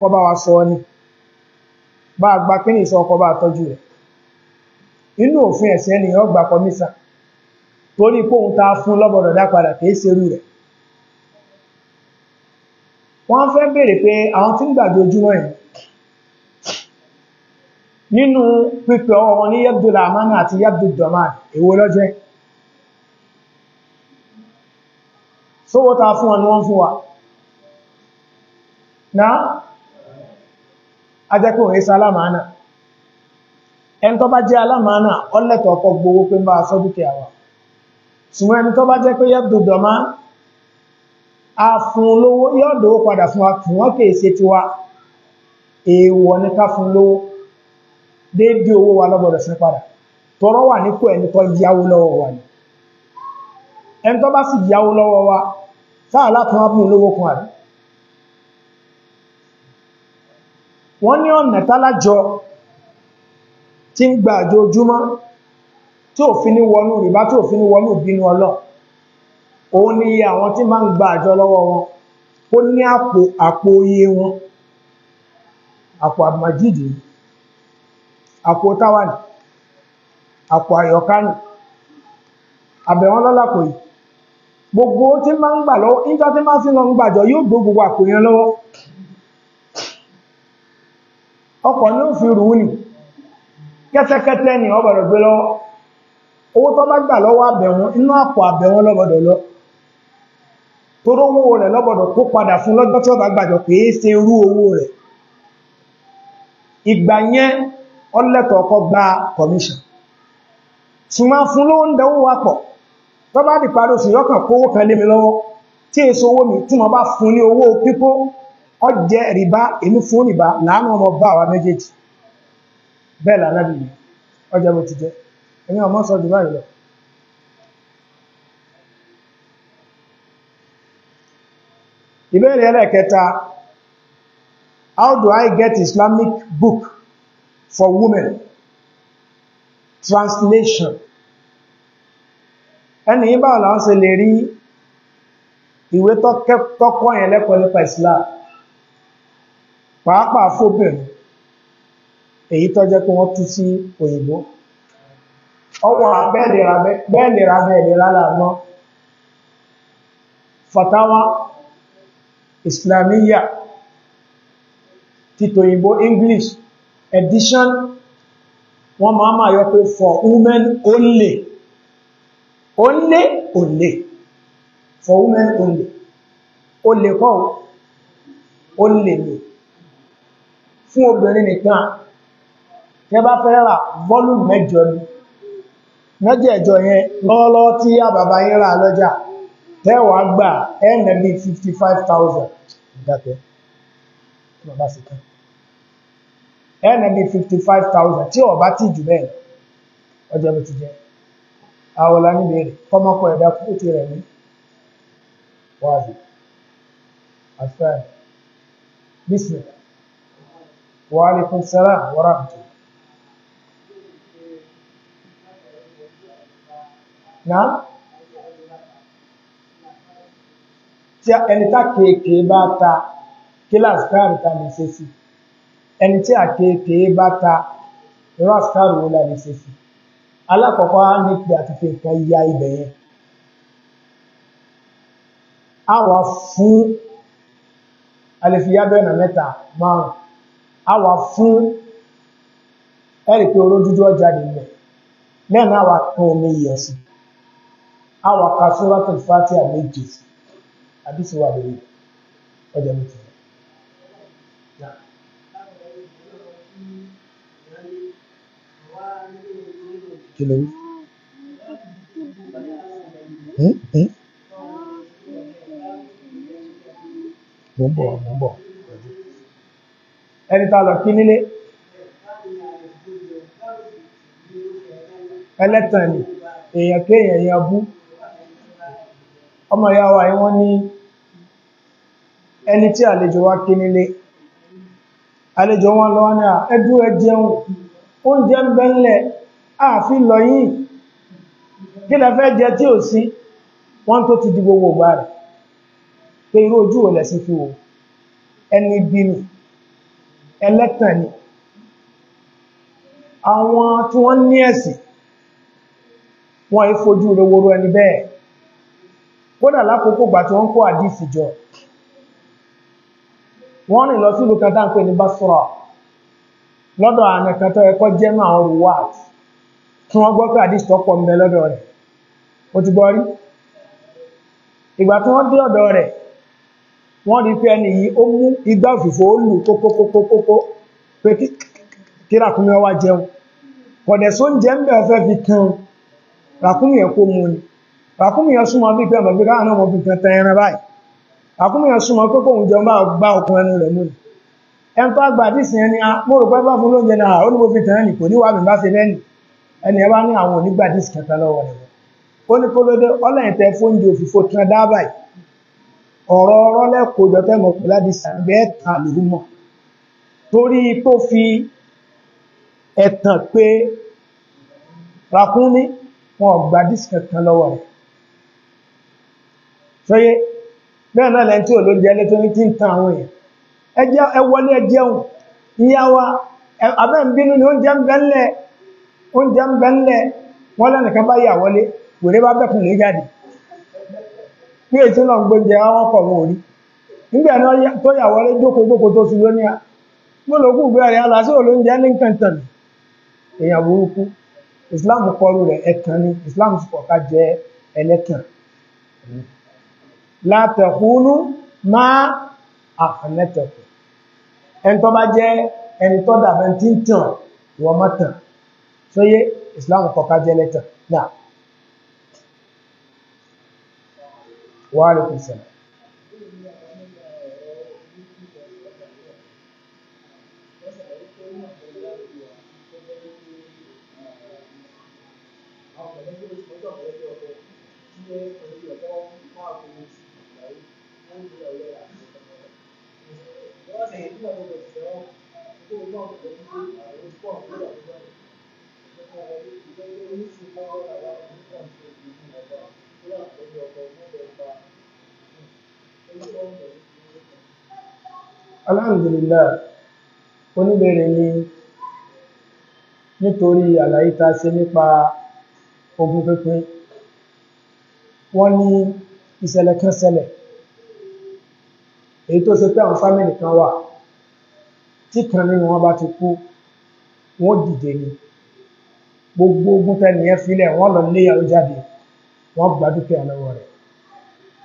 kó bá wa sọ ní bá gba kí ní ìṣọ́ kó bá tọ́jú rẹ̀ inú òfin ẹ̀sìn ẹni yọ́ gba kọmísà torí pé òun ta fún lọ́bọ̀dọ̀ dápadà kìí serú rẹ̀ wọ́n fẹ́ bèèrè pé àwọn tí ń gbàgbé ojúmọ́ yìí nínú pípẹ́ ọwọ́ wọn ní yabdul amana àti yabdul èwo lọ́jẹ́ sówó ta fún ọ ni wọ́n fún wa náà ajẹ́kùn ìsá alámàánà ẹni tó bá jẹ́ alámàánà ọlẹ́tọ̀ ọkọ̀ gbowó pé ń bá aṣọ́ dúkìá wa ṣùgbọ́n ẹni tó bá jẹ́ pé yẹ́ dòdọ̀má a fún lówó yọ́ padà fún wa fún wọ́n kèèṣe ti wa èèwọ̀ ní ká fún lówó déédé owó wa lọ́gbọ̀dọ̀ sí padà tọrọ wà nípò ẹni tó yáwó lọ́wọ́ wa ni ẹni tó bá sì yáwó lọ́wọ́ wa sáà látún wá fún lówó kan àbí wọ́n ní ọ̀nà tálájọ tí ń gba àjò ojúmọ́ tí ò fi ní wọnú rìbá tí ò fi ní wọnú ìbínú ọlọ́ òun ni iye àwọn tí máa ń gba àjọ lọ́wọ́ wọn ó ní àpò àpò iye wọn àpò àmàjídì àpò táwàní àpò àyọkánì àbẹ̀wọ́n lọ́làpò yìí gbogbo tí máa ń gbà lọ́wọ́ nígbà tí máa ń sí ń gbàjọ yóò gbogbo àpò yẹn lọ́wọ́ ọkọ̀ ní ó fi rù ni. nì kẹ́tẹ́kẹ́tẹ́ ni ọbọ̀dọ̀ gbé lọ́wọ́ owó tó bá gbà lọ́wọ́ àbẹ̀wọ̀n inú àpọ̀ àbẹ̀wọ̀n lọ́bọ̀dọ̀ lọ tó owó rẹ̀ lọ́bọ̀dọ̀ tó padà fún lọ́jọ́ tí ó bá gbàjọ pé é ṣe rú owó rẹ̀ ìgbà fún ló ń pọ̀ bá dìparí oṣù yọkàn kówó mi lọ́wọ́ tí èso mi tí fún ní owó ọ jẹ́ èmi fún rìbá láàánú ọmọ bá àwa méjèèjì bẹ́ẹ̀ lálábìnrin ọjà bó ti jẹ́ èmi ọmọ sọ jù báyìí lọ ìbéèrè ẹlẹ́ẹ̀kẹta how do I get Islamic book for women translation ẹni yí báwọn làwọn ṣe lè rí ìwé tọ́kọ́ yẹn lẹ́kọ̀ọ́ nípa Islam pàápàá fóbìnrin èyí tó jẹ́ pé wọ́n tú sí òyìnbó ọwọ́ bẹ́ẹ̀lera bẹ́ẹ̀lera lànà fatawa islamiyya títò òyìnbó english edition wọ́n máa máa yọ pé for women only only only for women only o lè kọ́ o lè lè fún obìnrin nìkan tí a bá fẹ́ rà bọ́ọ̀lù mẹ́jọ ni mẹ́jẹ̀ẹ̀jọ yẹn lọ́wọ́lọ́wọ́ tí a bàbá yín rà lọ́jà tẹ́wàá gbà ẹ̀nà bíi fifty five thousand ìdákẹ́ bàbá sì kán ẹ̀nà bíi fifty five thousand tí ọ̀bá tì jù bẹ́ẹ̀ ọjọ́ ló ti jẹ́ àwòlá níbi rẹ̀ kọ́mọ́kọ́ ẹ̀dá kúkú ti rẹ̀ ní wáàzì àfẹ́ bísí rẹ̀. وعليكم السلام ورحمة الله نعم tí ẹni tá kéèké bá ta kíláàsì káàrì ta lè ṣe sí ẹni tí a kéèké bá ta kíláàsì káàrì wo lè ṣe sí alákọ̀ọ́kọ́ á ní pé àti fi nǹkan ya ibẹ̀ yẹn á wà fún alẹ́ bẹ́ẹ̀ nà mẹ́ta márùn-ún a wà fún ẹ̀rì pé oró dúdú ọjà nílẹ̀ lẹ́nà àwà kan omi iyọ̀ sí a wà ka suratul Fatiha méje sí àdísí wà lórí ọjọ́ méjì kí ló hmm? Hmm? ń bọ̀ mo ń bọ̀ ẹni tá lọ kí nílé ẹlẹ́tàn ni èèyàn kéèyàn èèyàn bú ọmọ ìyá wa yìí wọ́n ní ẹni tí àlejò wá kí nílé àlejò wọn lọ ní à ẹdú ẹ jẹun oúnjẹ ń bẹ ńlẹ̀ àfi lọ yìí kí lẹ fẹ́ jẹ tí ò sí wọ́n tó ti di gbogbo ìgbà rẹ̀ pé irú ojú ò lẹ̀ sí fi wò ẹni bí ni ẹlẹ́tàn ni àwọn tí wọ́n ní ẹ̀sìn wọ́n yí fojú reworo ẹni bẹ́ẹ̀ kódà lákòókò gbà tí wọ́n kó àdísì jọ wọ́n rìn lọ sí ìlú kan táǹpẹ̀ ní Basra lọ́dọ̀ àmì kan tó ẹkọ́ jẹ́nu àwọn ruwat tí wọ́n gbọ́ pé àdísì tó pọ̀ rẹ̀ wọ́n rí pé ẹni yìí ó mú igbá òfìfò ó lù kókókókókó pé kí ràkúnmí ọwá jẹun kọ̀dẹ̀ só ń jẹ́ ń bẹ̀rẹ̀ fẹ́ fi kan ràkúnmí ẹ̀ kó mu ni ràkúnmí ẹ̀ súnmọ́ bí pẹ́ẹ̀mọ̀ bí káwọn ọmọ fìkan tẹ ẹran báyìí ràkúnmí ẹ̀ súnmọ́ pé kóhun jẹun bá gbá okun ẹnu rẹ̀ mú ni ẹ̀ ń tó àgbà dísì ẹni ah, mo rò pé bá fún lóúnjẹ náà ah, ó ní mo fi tàn ẹnì kò ní wà mí bá fi lẹ́nì ẹni ẹ bá ní àwọn onígbà dísì kẹta lọ́wọ́ rẹ̀ ó ní kólódé ọlẹ́yìn tẹ fóúnjẹ òfìfo tán dá báyìí ọ̀rọ̀ ọ̀rọ̀ lẹ́kọ̀ọ́jọ tẹ́mọ̀ pẹ̀lú àdìsí àgbẹ̀ ẹ̀ta lòún mọ̀ torí tó fi ẹ̀tàn pé ràkúnmí wọn gba dísì kankan lọ́wọ́ rẹ̀ ṣọ́yé náà náà lẹ́yìn tí ò ló jẹ́ lẹ́tọ́ ní tí ń tan àwọn èèyàn ẹ wọlé ẹ ìyá wa abẹ́ ni oúnjẹ ń bẹ ńlẹ̀ oúnjẹ ń ńlẹ̀ wọ́n lẹ́nìkan bá yà wọlé wèrè bá jáde ní ètò náà gbóúnjẹ àwọn ọkọ̀ wọn ò rí nígbà náà tó yà wọlé jókòó jókòó tó ṣubú ní mọ́lòkù gbé rẹ̀ aláṣẹ olóúnjẹ ní kẹntàn èèyàn burúkú Islam kọlu rẹ̀ ẹ̀tàn ni Islam sọ̀ká jẹ́ ẹlẹ́tàn látẹ̀kúnú má àfẹnẹ́tẹ̀kù ẹni tó bá jẹ́ ẹni tó dàbẹ̀ tí ń tàn ìwọ̀n mọ́tàn sóyé Islam kọ̀ká jẹ́ ẹlẹ́tàn náà. 我儿子也是。alhamdulillah oníbẹ̀rẹ̀ ni nítorí àlàyé ta ṣe nípa ogún pínpín wọ́n ní ìṣẹ̀lẹ̀ kan ṣẹlẹ̀ èyí tó ṣe pé àwọn fámìlì kan wà tí kan nínú wọn bá ti kú wọ́n dìde ni gbogbo ogún tẹnìyẹn filẹ̀ wọ́n lọ léyàwó jáde wọ́n gbà dúkìá rẹ̀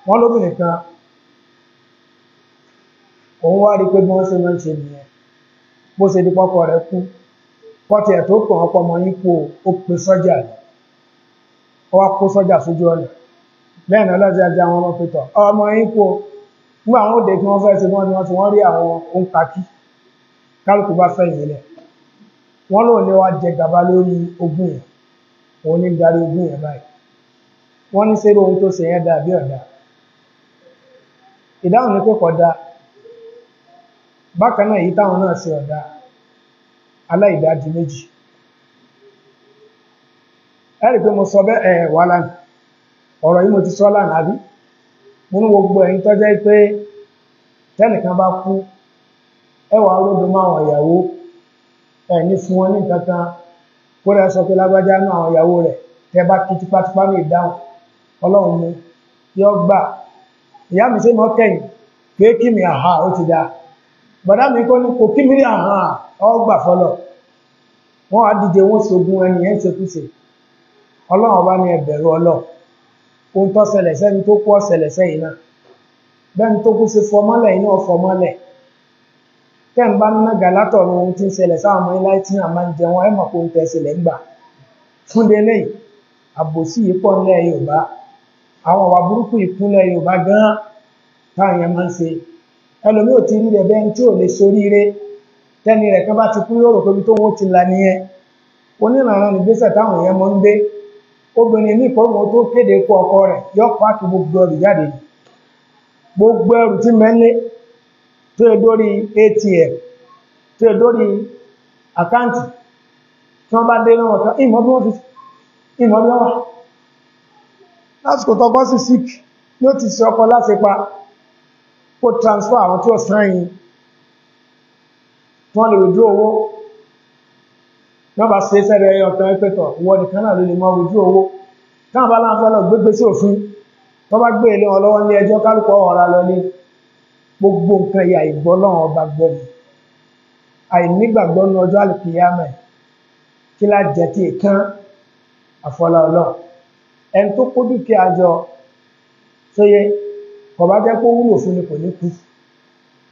wọ́n lóbìnrin kan òun wá rí pé bí wọ́n ṣe máa ń ṣe nìyẹn bó ṣe di pọ́kọ rẹ̀ kú pọ́tì ẹ̀ tó kàn ọ̀pọ̀ ọmọ yín kú ó pe sọ́jà rẹ̀ ó wá kó sọ́jà sójú ọ̀nà lẹ́yìn náà lọ́sẹ̀ ajá àwọn ọmọ pẹ̀tọ̀ ọmọ yín kú nígbà àwọn òde kí wọ́n fẹ́ ṣe wọ́n ni wọ́n ti wọ́n rí àwọn òǹkàkí kálukú bá fẹ́ ìyẹlẹ̀ wọ́n lòun ní wá jẹ gàba lórí ogún yẹn òun ní darí ogún yẹn báyìí wọ́n ní sẹ́rù ohun tó ṣe yẹn dà bí ọ̀dà ìdáhùn ní pé kọ̀ dáa bákan náà èyí táwọn náà ṣe ọ̀dá aláìdájú méjì ẹ́rì pé mo sọ bẹ́ ẹ̀ wà lánà ọ̀rọ̀ yí mo ti sọ lánà àbí mo ní gbogbo ẹ̀yìn tó jẹ́ pé tẹ́nìkan bá kú ẹwà olódò máa wọn ìyàwó ẹ̀ ní fún wọn ní kó rẹ̀ sọ pé lágbájá àwọn ìyàwó rẹ̀ tẹ́ bá kí tipátipá bọ̀dá mi kọ́ ní kò kí mi àhàn ọgbà fọlọ̀ wọ́n á dìde wọ́n ṣogun ẹni ẹ̀ ń ṣekúṣe ọlọ́run ọba ní ẹbẹ̀rù ọlọ́ ohun tó ṣẹlẹ̀ sẹ́ni tó kú ọ̀ṣẹlẹ̀ sẹ́yìn náà bẹ́ni tó kú ṣe fọmọ́lẹ̀ iná fọmọ́lẹ̀ tẹ́ ń bá nága látọ̀run ohun tí ń ṣẹlẹ̀ sáwọn ọmọ ilá tí náà máa ń jẹun ẹ̀ mọ̀ pé ohun tẹ́ ṣẹlẹ̀ ń gbà fún délé àbòsí yìí pọ̀ nílẹ̀ Yorùbá àwọn ọ̀wà burúkú ìkúnlẹ̀ Yorùbá gan-an táwọn yẹn máa ń ṣe ẹlòmí ò ti rí rẹ̀ bẹ́ẹ̀ tí ò lè soríire tẹ́ni rẹ̀ kan bá ti kúrò yóò pé tó wọ́n ti la nìyẹn onírànràn nígbésẹ̀ táwọn èèyàn mọ́ ń gbé obìnrin ní ìkọ́mọ tó kéde kú ọkọ rẹ̀ yọ gbogbo jáde gbogbo ẹrù tó atm tó dórí àkáǹtì tí wọ́n bá dé lọ́wọ́ ìmọ̀ bí wọ́n fi ìmọ̀ bí wọ́n wà ọkọ láti kó transfer àwọn tí ó sáyìn tí wọ́n lè rojú owó nọ́bà sí sẹ́rẹ̀ ọ̀tọ̀ ẹgbẹ́tọ̀ wọ́n nìkan náà ló lè mọ́ rojú owó táwọn bá láǹfẹ́ lọ gbégbé sí òfin tó bá gbé ilé wọn lọ́wọ́ ní ẹjọ́ kálùkọ́ ọ̀rá lọ ní gbogbo nǹkan ìyà ìgbọ́ lọ́wọ́ ọba gbọ́ni àìnígbàgbọ́ ní ọjọ́ àlùkìyàmẹ̀ kí lá jẹ́ tí ìkan àfọlá ọlọ́ ẹni tó kó dúkìá jọ sóyé kò bá jẹ́ pé ó wúlò fún ni kò ní kú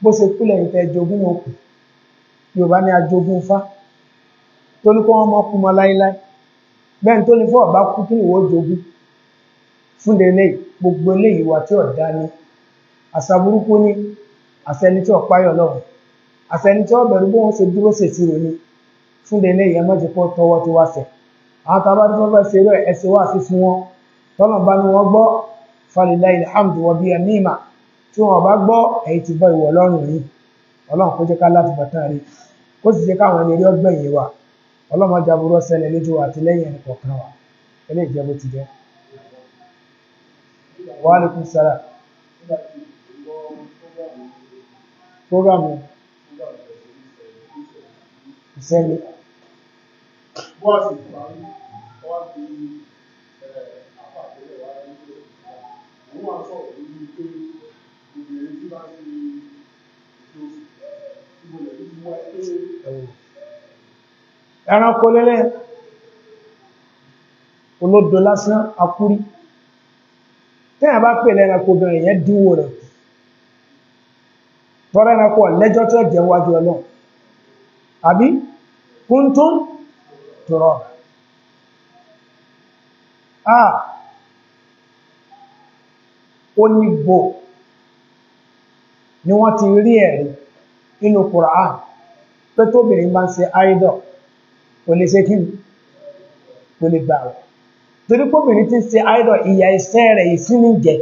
bó ṣe kú lẹ́yìn tẹ́ jogún òkú yorùbá ní ajogún fá tó ní kó wọ́n mọ́ kú mọ́ láíláí bẹ́ẹ̀ tó ní fún ọ̀bá kú kí ìwọ jogún fún lélẹ̀ gbogbo eléyìí wà tí ọ̀dá ni àṣà ni àṣẹni tí ọ̀páyọ̀ lọ́wọ́ àṣẹni tí ọ̀bẹ̀rù bóun ṣe dúró ṣèṣirò ni fún lélẹ̀ yẹn mọ́jẹ́ pọ́ tọwọ́ tí wá sẹ̀ àwọn tábà tí wọ́n fẹ́ ṣerú ẹ̀ sí fún wọn tọ́lọ̀ bá ní wọ́n gbọ́ falilayi alhamdu wa biya nima tí wọ́n bá gbọ́ èyí tí bọ́ ìwọ̀ ọlọ́run yìí ọlọ́run kó jẹ́ ká láti bàtà rí kó sì jẹ́ káwọn ẹni rí ọgbẹ́ yìí wa ọlọ́run ọjà burú ọsẹlẹ̀ lójú wa àti lẹ́yìn ẹni kọ̀ọ̀kan wa ẹlẹ́ ìjẹ́ bó ti jẹ́ wa alaikum salaam prógámù ìṣẹ́lẹ̀ bọ́ọ̀sì pàrí wà sọ̀rọ̀ lórí pé obìnrin tí bá ti ìṣòro ìmọ̀lẹ̀ tó ti wá pé ẹranko lẹ́lẹ́ olódo lásán akúrí tẹ́yà bá pè lẹ́ranko obìnrin yẹn dínwó rẹ̀ tọ́rọ ẹranko lẹ́jọ́ tó ẹ̀jẹ̀ wájú ọlọ́run àbí kúntún tọ̀rọ̀ ah ó ní bò ni wọ́n ti rí ẹ̀rí nínú Qur'an pé tóbìnrin bá ń ṣe àìdọ̀ kò lè ṣe kí kò lè gbà rẹ̀ torí kóbìnrin ti ṣe àìdọ̀ ìyà iṣẹ́ rẹ̀ ìsínú jẹ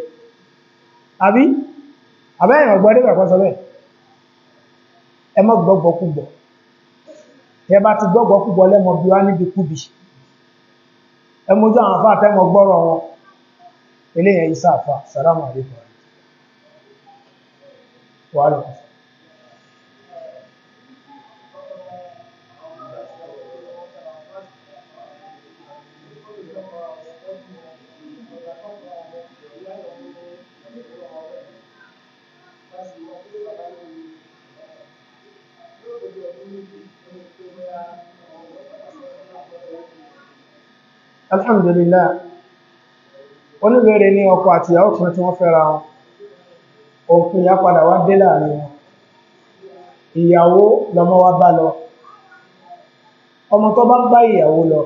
àbí àbẹ́yìn ọ̀gbọ́n nígbà kan sọ bẹ́ẹ̀ ẹ mọ́ gbọ́gbọ́ kúgbọ́ ẹ bá ti gbọ́gbọ́ kúgbọ́ lẹ́mọ bí wá níbi kúbi ẹ mójú àwọn afáàfẹ́ gbọ́rọ̀ wọn إليه عيسى السلام عليكم وعليكم السلام الحمد لله oníbèrè ní ọkọ àti ìyàwó kan tí wọ́n fẹ́ra wọn òkú ìyá padà wá dé láàrin wọn ìyàwó lọmọ wa bá lọ ọmọ tó bá ń bá ìyàwó lọ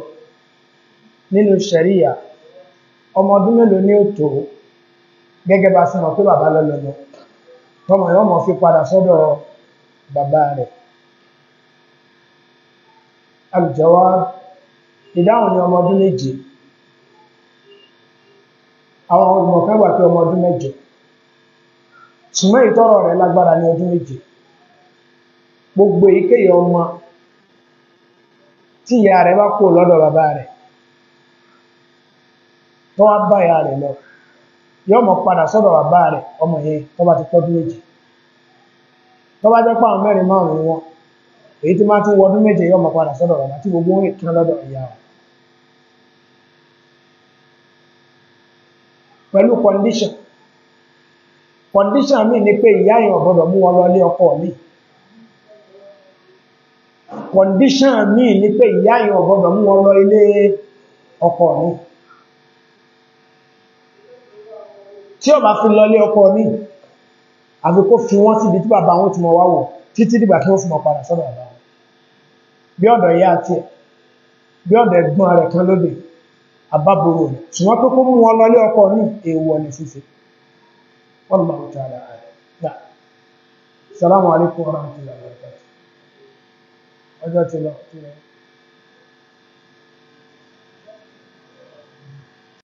nínú ṣẹ̀ríyà ọmọ ọdún mélòó ní òtò gẹ́gẹ́ bá sí pé bàbá lọ lọ́nà tọmọ yọmọ fi padà sọ́dọ̀ bàbá rẹ̀ alùjọwá ìdáhùn ní ọmọ ọdún méje àwọn olùmọ̀fẹ́ wà pé ọmọ ọdún mẹ́jọ ṣùgbọ́n ìtọ́rọ̀ rẹ̀ lágbára ní ọdún méje gbogbo ìkéyà ọmọ tí ìyá rẹ̀ bá kó lọ́dọ̀ bàbá rẹ̀ tó wá bá ìyá rẹ̀ lọ yóò mọ̀ padà sọ́dọ̀ bàbá rẹ̀ ọmọ yẹn tó bá ti pọ́dún méje tó bá jẹ́ pàwọn mẹ́rin márùn-ún wọn èyí tí máa tún wọdún méje yóò mọ̀ padà sọ́dọ̀ bàbá tí gbogbo wọn ìkíná lọ́dọ̀ ìyá rẹ̀ pẹ̀lú condition condition mi ni pé ìyá yẹn ò gbọ́dọ̀ mú wọn lọ ilé ọkọ mi condition mi ni pé ìyá yẹn ò gbọ́dọ̀ mú wọn lọ ilé ọkọ mi tí ó bá fi lọ ilé ọkọ mi àfi kó fi wọ́n síbi tí bàbá wọn ti mọ̀ wá wò títí dìgbà tí wọ́n fi mọ̀ padà sọ́dọ̀ bàbá wọn bí ọ̀dọ̀ ìyá àti ẹ̀ bí ọ̀dọ̀ ẹ̀gbọ́n rẹ̀ kan lóbìnrin àbábòrò rẹ̀ ṣùgbọ́n pé kó mú wọn lọlé ọkọ ní èèwọ̀ ní fífẹ́ wallahu ta'ala a'lam salamu alaikum warahmatullahi wabarakatuh ọjọ́ ti lọ